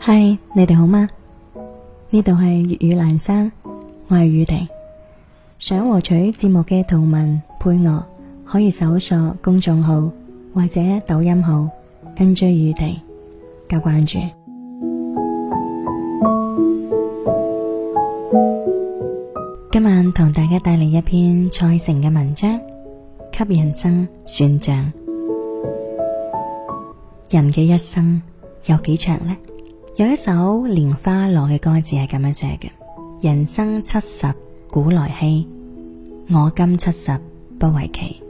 嗨，Hi，你哋好嗎？呢度係粵語闌山，我係雨婷。想獲取節目嘅圖文配樂，可以搜索公眾號或者抖音號 N J 雨婷加關注。今晚同大家帶嚟一篇蔡成嘅文章，給人生算賬。人嘅一生。有幾長呢？有一首蓮花落嘅歌詞係咁樣寫嘅：人生七十古來稀，我今七十不為奇。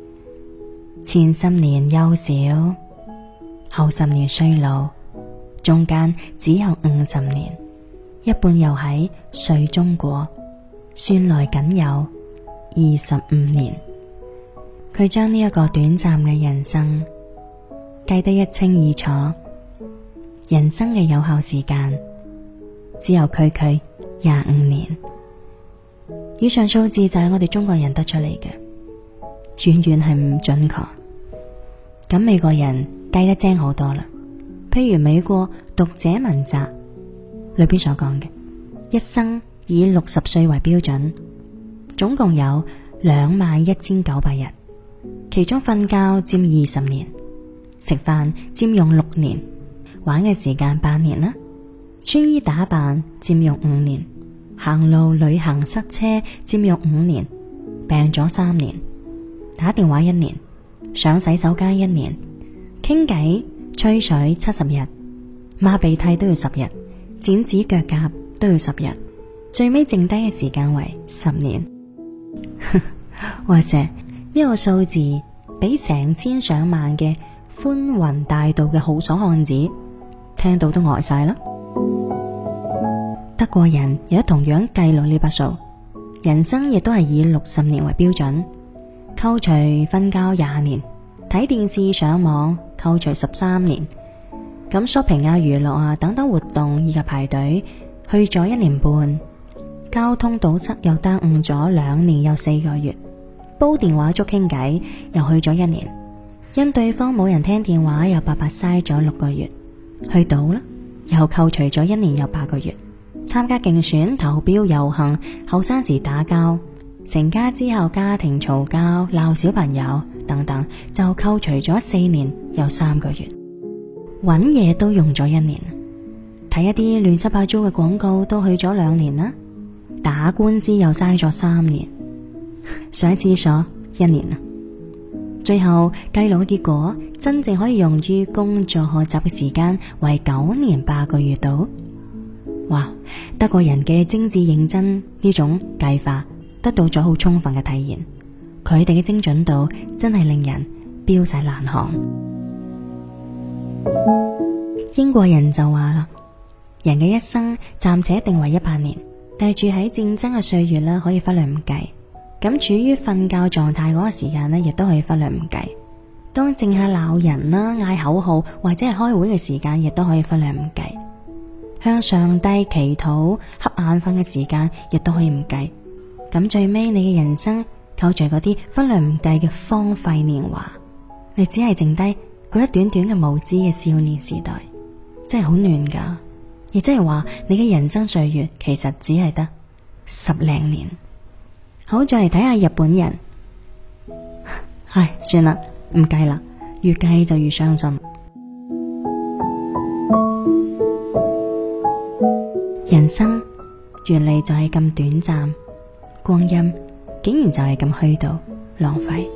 前十年幼小，後十年衰老，中間只有五十年，一半又喺睡中過，算來僅有二十五年。佢將呢一個短暫嘅人生計得一清二楚。人生嘅有效時間只有區區廿五年，以上數字就係我哋中國人得出嚟嘅，遠遠係唔準確。咁美國人計得精好多啦，譬如美國讀者文集裏邊所講嘅，一生以六十歲為標準，總共有兩萬一千九百日，其中瞓覺占二十年，食飯占用六年。玩嘅時間八年啦，穿衣打扮占用五年，行路旅行塞車占用五年，病咗三年，打電話一年，上洗手間一年，傾偈吹水七十日，抹鼻涕都要十日，剪指腳甲都要十日，最尾剩低嘅時間為十年。哇！ 話說呢個數字比成千上萬嘅寬宏大度嘅豪爽漢子。聽到都呆晒啦！德國人亦都同樣計算呢筆數，人生亦都係以六十年為標準，扣除瞓覺廿年，睇電視上網扣除十三年，咁 shopping 啊、娛樂啊等等活動以及、這個、排隊去咗一年半，交通堵塞又耽誤咗兩年又四個月，煲電話粥傾偈又去咗一年，因對方冇人聽電話又白白嘥咗六個月。去賭啦，又扣除咗一年又八個月。參加競選、投票、遊行，後生時打交，成家之後家庭嘈交、鬧小朋友等等，就扣除咗四年又三個月。揾嘢都用咗一年，睇一啲亂七八糟嘅廣告都去咗兩年啦。打官司又嘥咗三年，上廁所一年。最後計落嘅結果，真正可以用於工作學習嘅時間為九年八個月度。哇！德國人嘅精緻認真呢種計劃，得到咗好充分嘅體現。佢哋嘅精準度真係令人飆晒難行。英國人就話啦：人嘅一生暫且定為一百年，但係住喺戰爭嘅歲月咧，可以忽略唔計。咁處於瞓覺狀態嗰個時間呢，亦都可以忽略唔計。當淨係鬧人啦、嗌口號或者係開會嘅時間，亦都可以忽略唔計。向上帝祈禱、瞌眼瞓嘅時間，亦都可以唔計。咁最尾你嘅人生扣除嗰啲忽略唔計嘅荒廢年華，你只係剩低嗰一短短嘅無知嘅少年時代，真係好短噶。亦即係話你嘅人生歲月，其實只係得十零年。好，再嚟睇下日本人。唉，算啦，唔計啦，越計就越傷心。人生原嚟就係咁短暫，光陰竟然就係咁虛度浪費。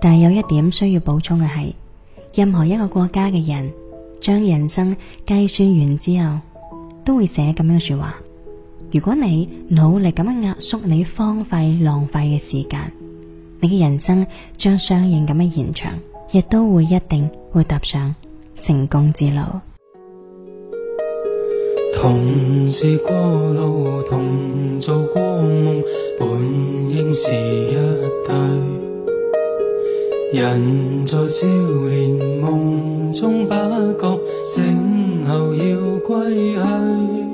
但係有一點需要補充嘅係，任何一個國家嘅人將人生計算完之後，都會寫咁樣嘅說話。如果你努力咁樣壓縮你荒廢浪費嘅時間，你嘅人生將相應咁樣延長，亦都會一定會踏上成功之路。同是過路，同做過夢，本應是一對。人在少年夢中不覺，醒後要歸去。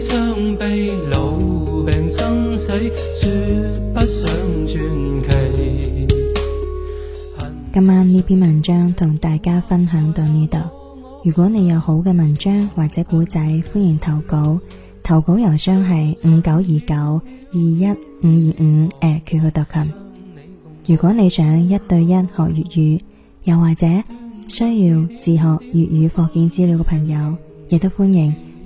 今晚呢篇文章同大家分享到呢度。如果你有好嘅文章或者古仔，歡迎投稿。投稿郵箱係五九二九二一五二五誒，佢去讀琴。如果你想一對一學粵語，又或者需要自學粵語課件資料嘅朋友，亦都歡迎。